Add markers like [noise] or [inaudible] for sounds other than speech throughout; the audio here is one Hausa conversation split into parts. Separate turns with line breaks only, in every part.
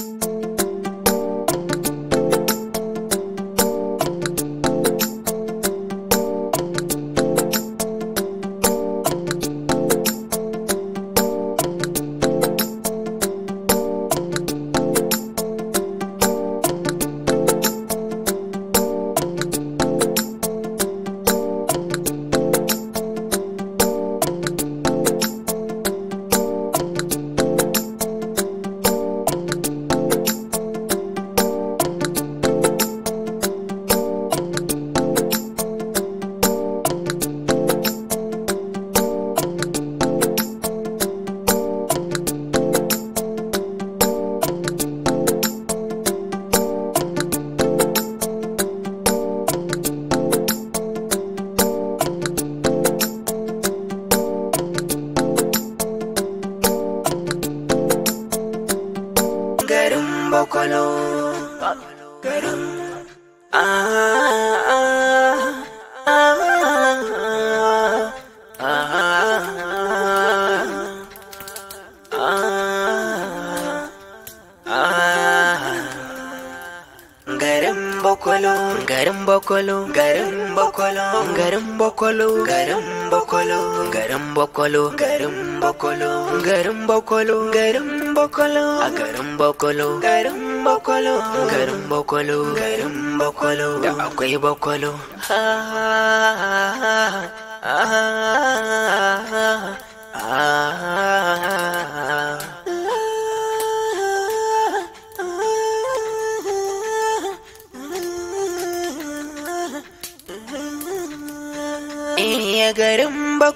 Thank you. bakwalo garin bokolo. garin bokolo. garin bokolo. garin bokolo. garin bokolo. garin bokolo. garin bakwalo garin bokolo. garin bokolo. da akwai bokolo.
ha ha ha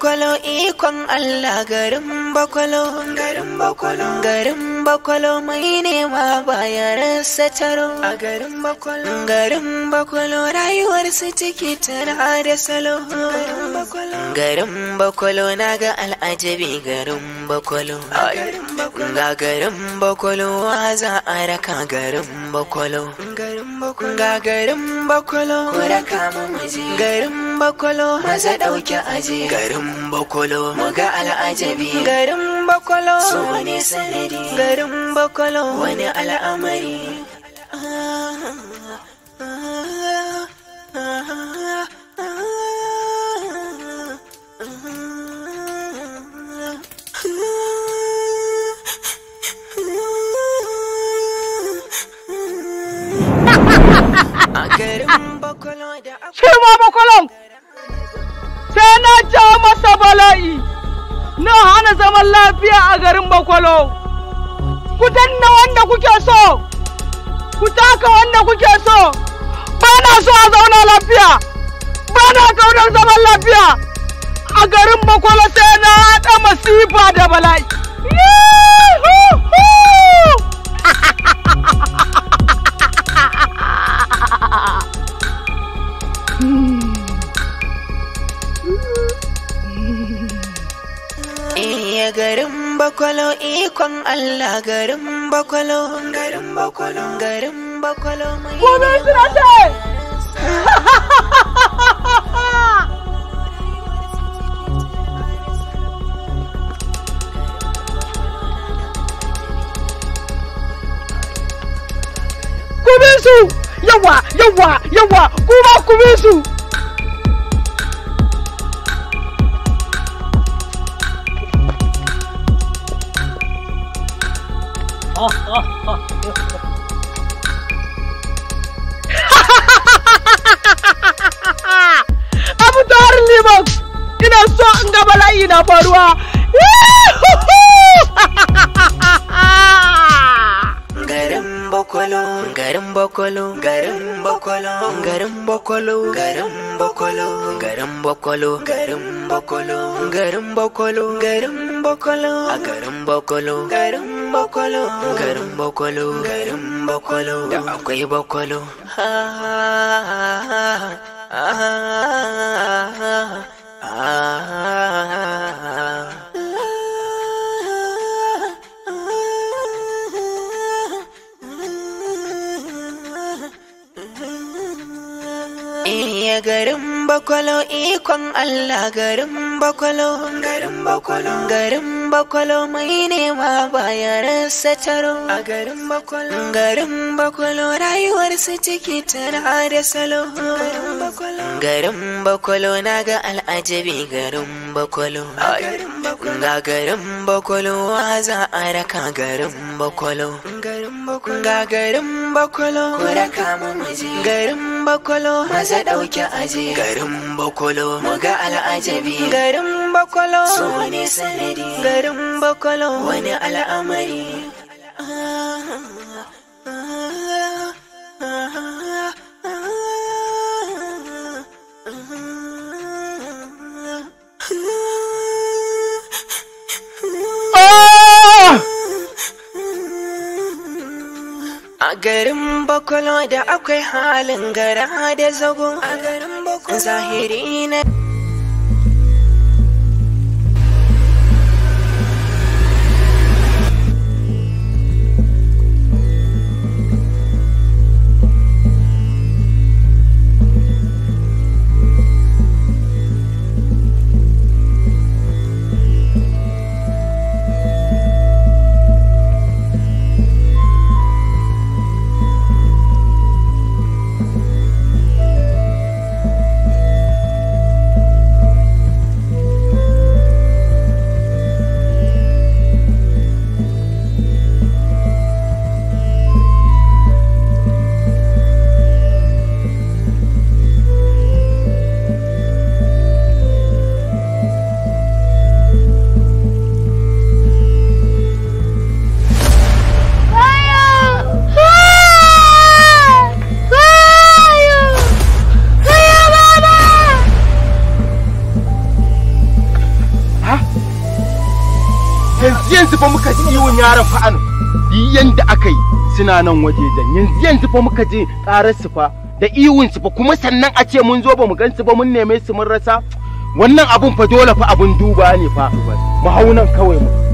bakwalo ikon Allah garin bakwalo garin bakwalo garin bakwalo mai nema baya rasa taro a garin bakwalo garin bakwalo rayuwar su ciki tana da salo garin bakwalo garin bakwalo na ga al'ajabi garin bakwalo ga garin bakwalo wa za a raka garin bakwalo garin bakwalo ga garin bakwalo raka mu garin bakwalo maza ɗauki aje garin bakwalo muga al'ajabi garin bakwalo so ne sanadi garin bakwalo wani al'amari
Shema zaman lafiya a garin Bakwalo. Ku danna wanda kuke so, ku taka wanda kuke so, ba na so a zauna lafiya, ba na kaunar zaman lafiya. A garin Bakwalo sai na haɗa masifa da bala'i.
ikon Allah garin bakwalo garin bakwalo garin bakwalo mai gobe sirate
Kubisu! Yawa! Yawa! Yawa! Kuma kubisu! [laughs] Abu Dawar limon, ina so in ga bala'i na faruwa. [laughs]
Garin Bokolo, garin Bokolo, garin Bokolo, garin Bokolo, garin Bokolo, garin Bokolo, garin Bokolo, garin Bokolo, garin Bokolo, garin Bokolo, garin bakwalo garin bakwalo garin bakwalo da akwai bakwalo Iya garin bakwalo ikon Allah garin bakwalo garin bakwalo garin bakwalo mai nema bayan rasa taro a garin bakwalo garin bakwalo rayuwar su ciki tana da salo garin bakwalo na ga al'ajabi garin bakwalo ga garin bakwalo wa za a raka garin bakwalo ga garin bakwalo raka mu garin bakwalo maza dauke aje garin bakwalo mu ga al'ajabi garin garin bakwalo ne sanadi garin bakwalo wani al'amari garin bakwalo da akwai halin gara da zago a garin bakwalo zahiri na
suna nan waje yanzu yanzu fa muka ji karar su fa da iwun su fa kuma sannan a ce mun zo ba mu gan su ba mun neme su mun rasa wannan abun fa dole fa abun duba ne fa mu kawai mu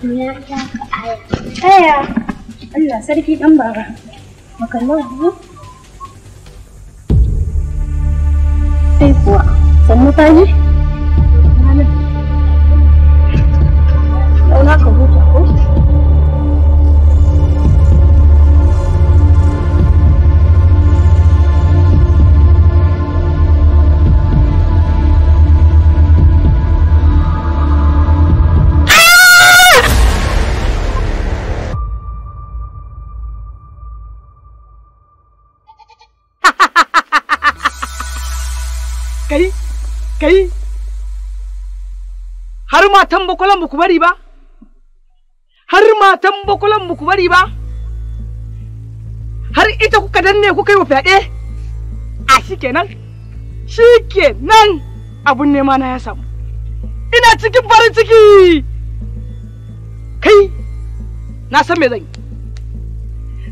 Na taka aya. Aya, Allah sarki ɗan bara. Makallar biyu. Sai kuwa, sannu ta ji?
matan bakwalan ba ku bari ba? Har matan bakwalan ba ku bari ba? Har ita kuka danne kuka yi wa fyaɗe? A shi kenan? Shi kenan abun nema na ya samu. Ina cikin farin ciki! Kai, na san me zan yi.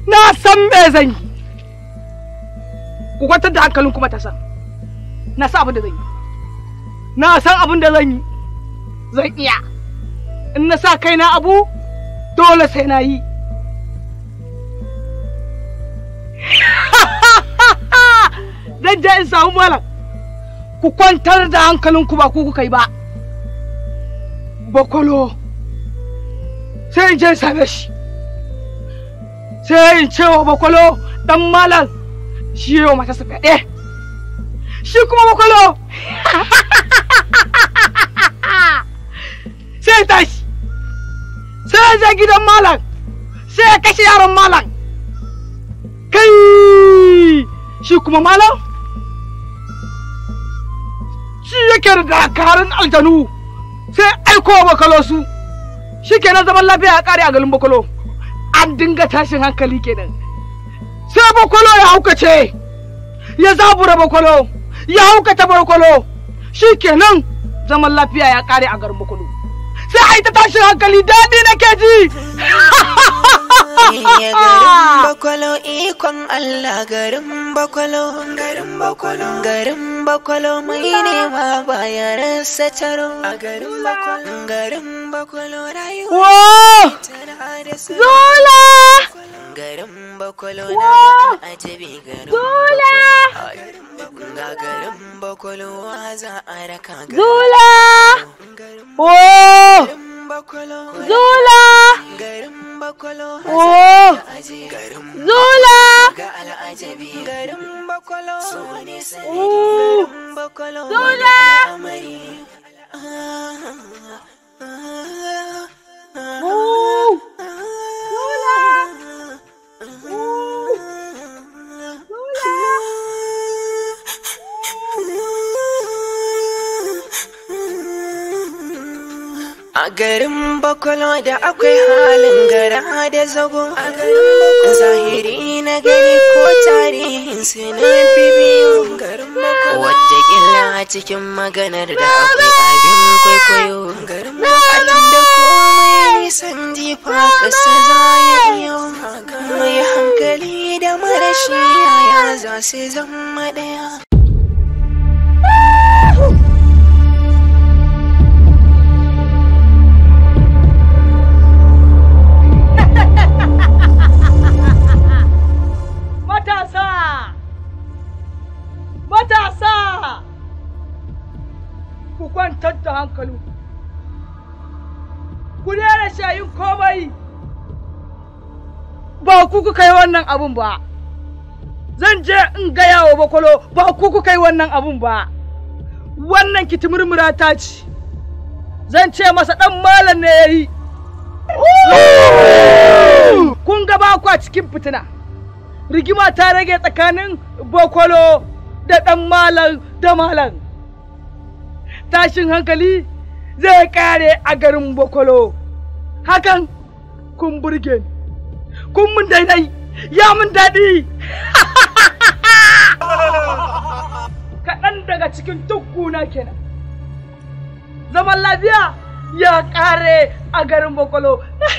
Na san me zan yi. Ku kwantar da hankalin kuma ta san. Na san abin da zan yi. Na san abin da zan yi. zan iya in na sa kaina abu dole sai na yi [laughs] zan je in samu malam ku kwantar da hankalinku ba ku kuka yi ba bakwalo sai in je same shi sai in ce wa bakwalo dan malam shi yau matarsa fyaɗe shi kuma bakwalo [laughs] ya tashi sai ya je gidan malam sai ya kashe yaron malam kai shi kuma malam shi yake da dakarun aljanu sai aiko wa bakalo su shi kenan zaman lafiya ya kare a garin bakalo an dinga tashin hankali kenan sai bakwalo ya haukace ya zabura bakwalo ya haukata bakwalo shi kenan zaman lafiya ya kare a garin bakwalo
sai ai ta tashin hankali daɗi nake ji eh, [laughs] garin bakwalo ikon Allah garin mai nema baya rasa a garin Zola! bakwalo na a garin Zula!
bakwalo za a raka Zula! Zula! Zula!
A garin bakwalo da akwai halin gara da zago a garin zahiri na gari ko tarihin sai na bibiyo garin Wataƙila a cikin maganar da akwai abin kwaikwayo garin bakwalo. A da komai nisan jifa kasa za ya
mai hankali
da marashi yaya za su zama ɗaya.
ku kwantar da hankali ku daina shayin komai ba ku ku kai wannan abun ba zan je in gaya wa bakwalo ba ku ku kai wannan abun ba wannan kitimurmura ta ci. zan ce masa ɗan malam ne ya yi kun ga ba ku a cikin fitina rigima ta rage tsakanin bakwalo da dan malam da malam tashin hankali zai kare a garin Bokolo. Hakan kun burge ni, kun mun daidai, ya mun daɗi. [laughs] Kaɗan daga cikin tukuna kenan. Zaman lafiya ya kare a garin Bokolo. [laughs]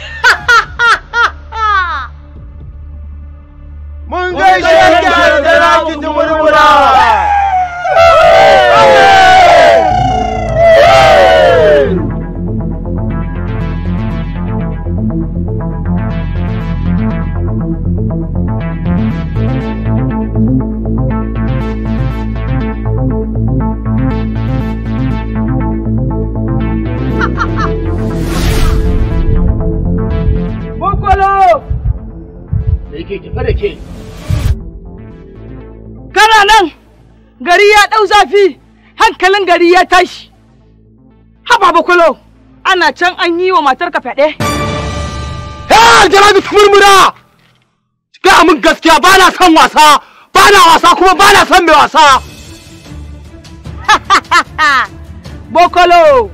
ya tashi haba bakulo ana can an yi wa matar ka fyaɗe hey jarabi ta murmura ga min gaskiya ba na son wasa ba na wasa kuma ba na son mai wasa [laughs] bokolo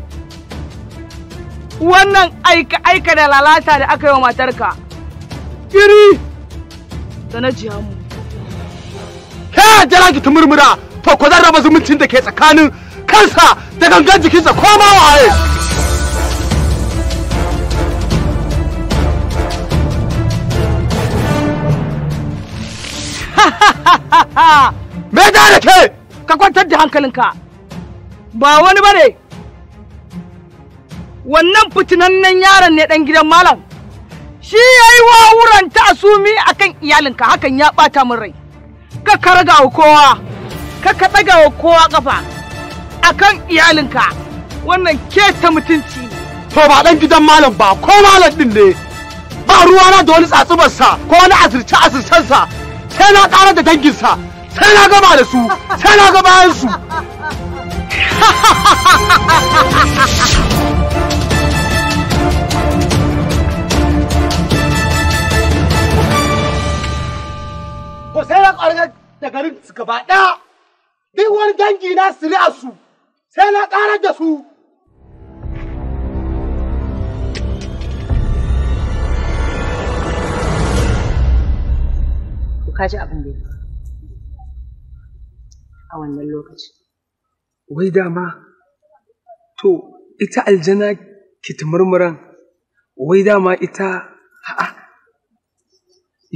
wannan aika aika da lalata da aka yi wa matarka iri da na jiya mu ke jira ki ta murmura to ko zan raba zumuncin da ke tsakanin kansa da gangan jikinsa ko ma waye [laughs] me da da ke ka kwantar da hankalinka ba wani bane wannan fitinannen yaron ne dan gidan malam shi yayi yi wawuran ta asumi akan iyalinka hakan ya bata min rai ka karga kowa ka ka daga kowa kafa. akan iyalinka wannan keta mutunci ne to ba dan gidan malam ba ko malam din ne ba ruwana da wani tsatsubarsa ko wani azirce azircensa sai na ƙara da danginsa sai na gaba da su sai na ga bayan su ko sai na ƙwarar da garin su ba ɗaya duk wani dangi na siri a su sai na ƙarar da su.
Ku kaji abin da
a wannan lokaci. Wai dama, to, ita aljana ki ta murmuran, wai dama ita ha'a,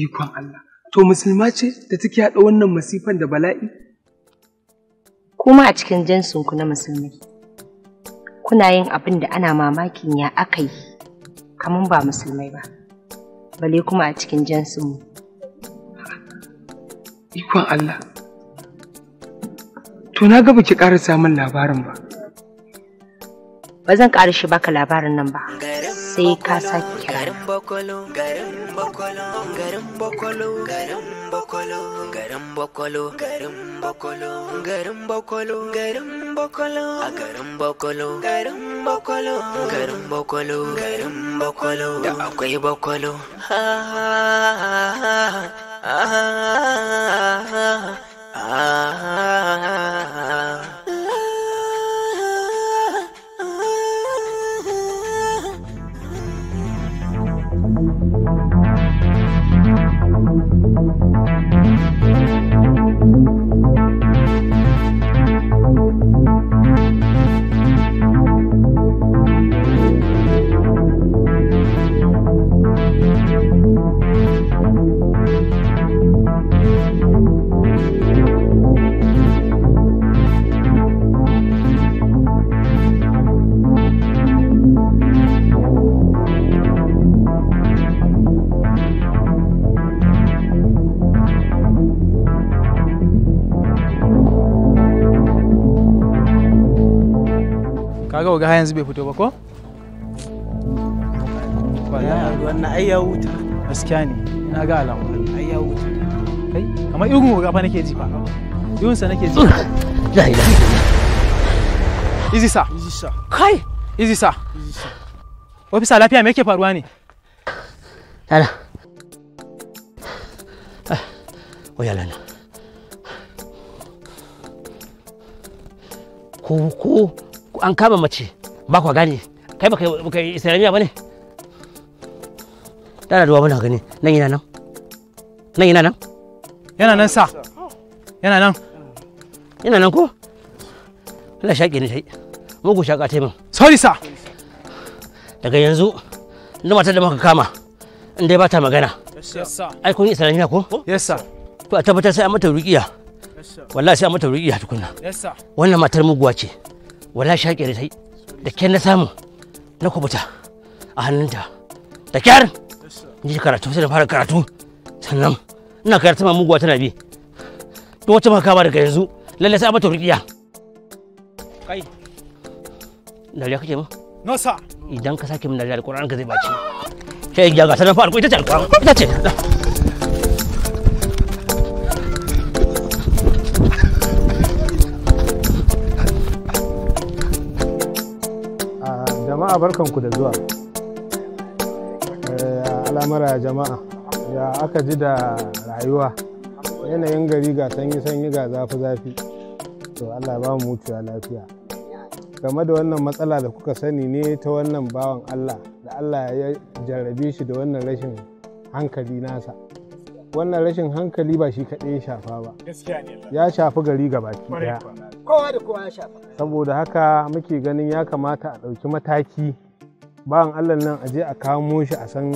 ikon Allah. To, musulma ce da take haɗa wannan masifan da bala'i?
kuma a cikin jinsinku na musulmi kuna yin abin da ana mamakin ya aka yi kaman ba musulmai ba bale kuma a cikin jinsinmu
ikon Allah to na ga baki ƙara samun labarin ba
ba zan ƙara shi baka labarin nan
ba sai ka sake kira garin garin garin garin bocolo, garam bocolo, garam bocolo, garam bocolo, garam bocolo, a garam bocolo, garam bocolo, garam bocolo, garam bocolo, da akwai bocolo. Ha ha ha
ha ha ha ha ha.
kaga haya yanzu bai fito ba ko wannan ai ya wuta gaskiya ne na ga alamu ai ya wuta kai kamar irin ga fa nake ji fa irin sa nake ji la ilaha izi sa izi sa kai izi sa ofisa lafiya me yake faruwa ne
lala ah, oya lala ko ko an kama mace ba kwa gane kai baka kai islamiyya ba ne tana duwa muna gani nan yana nan nan yana nan yana nan sa yana nan yana nan ko ina shaƙe ne shai mugu shaƙa ta min sorry sa daga yanzu na matar da muka kama in dai ba ta magana ai kun yi islamiyya ko yes sir ko a tabbatar sai a mata ruqiya wallahi sai a mata ruqiya tukunna yes sir wannan matar muguwa ce wala shaƙe da sai da ke na samu na kubuta a hannunta da kyar ni ji karatu sai da fara karatu sannan ina karatu ma muguwa tana bi to wata maka ba daga yanzu lalle sai mata rukiya kai dariya kake ma no sir idan ka sake min dariya alquran ka zai baci kai ga ga sanan fa alquran ita ce alquran ita ce
jama'a barkanku da zuwa eh, alamara jama'a ya aka ji da rayuwa yanayin gari ga sanyi-sanyi ga zafi-zafi to allah ba mu mutuwa lafiya game da wannan matsala da kuka sani ne ta wannan bawan allah da allah ya jarrabe shi da wannan rashin hankali nasa wannan rashin hankali ba shi kaɗai ya shafa ba ya shafi gari gabaki daya
kowa da kowa ya shafa
saboda haka muke ganin ya kamata a ɗauki mataki bayan allah nan a je a kamo shi a san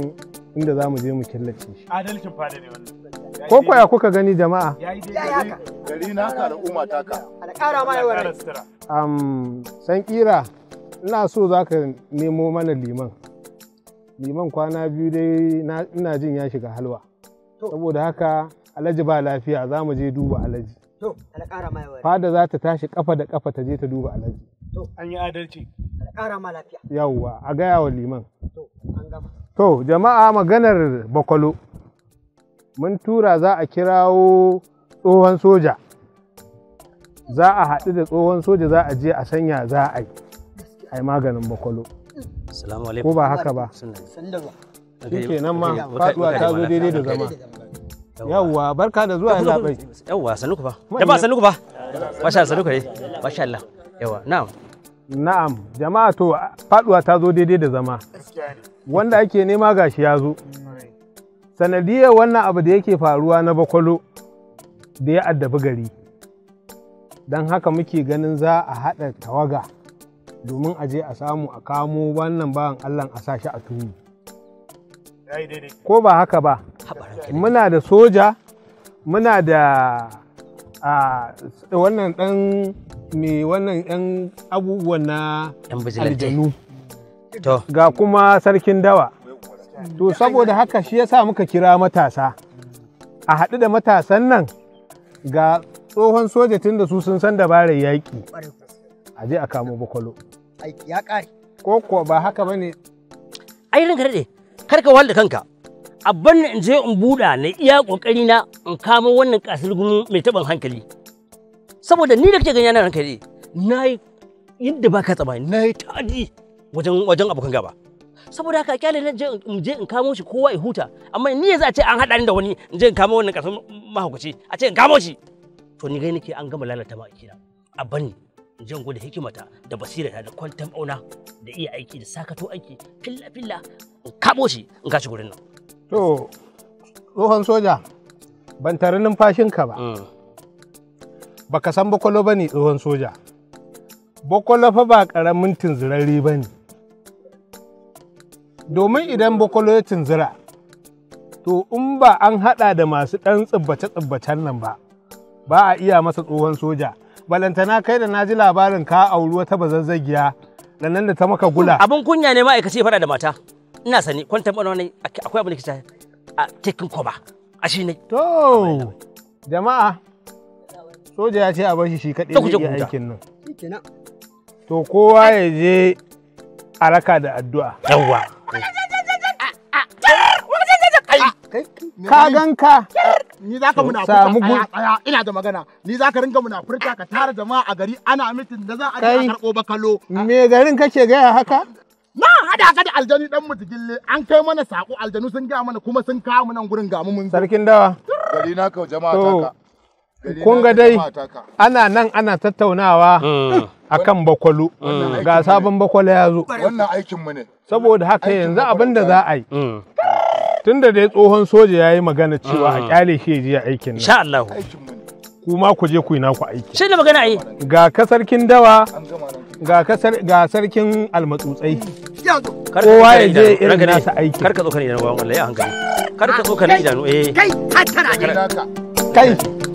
inda za mu je mu killace shi
adalcin fada ne wannan ko kwaya kuka gani jama'a ya haka gari ka al'umma alƙara ma
yawar. um san ƙira, ina so za ka nemo mana liman liman kwana biyu dai ina jin ya shiga halwa saboda haka alaji ba lafiya za mu je duba alaji. To, ƙara Fada za ta tashi kafa da kafa ta je ta duba alhaji. To, an yi adalci. Ta ƙara ma lafiya. Yawwa, a gaya wa liman. To, an gama. To, jama'a maganar bakwalo. Mun tura za a kirawo tsohon soja. Za a haɗu da tsohon soja za a je a sanya za a yi. A yi maganin bakwalo. Ko ba haka ba.
Shi kenan ma faɗuwa ta zo daidai da zama.
yawwa barka da zuwa yana bai
yawwa sanu ku fa da ba sanu ku fa masha Allah sanu ku ne masha Allah yawwa
na'am na'am jama'a to faduwa ta zo daidai da zama wanda ake nema gashi ya zo sanadiyar wannan abu da yake faruwa na bakwalo da ya addabi gari don haka muke ganin za a haɗa tawaga domin a je a samu a kamo wannan bawan allah a sa shi a tuni ko ba haka ba muna da soja muna da a wannan dan me wannan yan abubuwan na aljanu ga kuma sarkin dawa to saboda haka shi yasa muka kira matasa a haɗu da matasan nan ga tsohon soja tun da su sun san dabarar yaƙi a je a kamo bakwalo ya ƙare ko ba haka bane.
ai ranka daɗe karka wanda kanka abban in je in buɗa na iya ƙoƙari na in kamo wannan ƙasar gumu mai taɓin hankali saboda ni da kake ganyana hankali na yi yadda ba ka tsammani na yi taɗi wajen wajen abokan gaba saboda haka kyale na je in je in kamo shi kowa ya huta amma ni yanzu a ce an hada ni da wani in je in kamo wannan ƙasar mahaukaci a ce in kamo shi to ni gani nake an gama lalata ma akina a bani in je in gwada hikimata da basirata da kwantan auna da iya aiki da sakato aiki filla filla
in kamo shi in kashi gurin nan To, tsohon soja, ban tare ka ba. Mm. Baka san bakwalo ba ne tsohon soja. Bakwalo fa ba ƙaramin tunzirarri ba ne. Domin idan bakwalo ya tunzira, to in ba an haɗa da masu ɗan tsibbace-tsibbacen nan ba, ba a iya masa tsohon soja. balantana kai da na ji labarin ka auri wata bazazzagiya da nan da ta maka gula.
Abin kunya ne ma'aikaci faɗa da mata. ina sani kwantan bana wani akwai abin da ke a cikin kwaba
a shi ne to jama'a soja ya ce a bashi shi shi kaɗai zai iya aikin nan to kowa ya je araka da addu'a yawwa ka ganka ni za ka munafurta tsaya tsaya ina da magana ni za ka ringa munafurta ka tara jama'a a gari ana mitin da za a karɓo bakalo me garin kake gaya haka Kada ka da aljani dan mutugille an kai mana sako aljanu sun ga mana kuma sun kawo mana nan gurin gamu mun sarkin dawa gari na ka jama'a taka kun ga dai ana nan ana tattaunawa mm. akan bakwalo mm. ga sabon bakwalo ya zo wannan aikin mu ne saboda haka yanzu abin da za a yi mm. tunda dai tsohon soja ya yi magana cewa a kyale shi je aikin nan insha Allah kuma ku je ku yi naku aiki
shi ne magana yi
ga ka sarkin dawa ga sarkin almatsutsai kowa ya je irin nasa aiki kar ka tsokane idanu bawan Allah ya hankali kar ka tsokane idanu eh
kai
ne
kai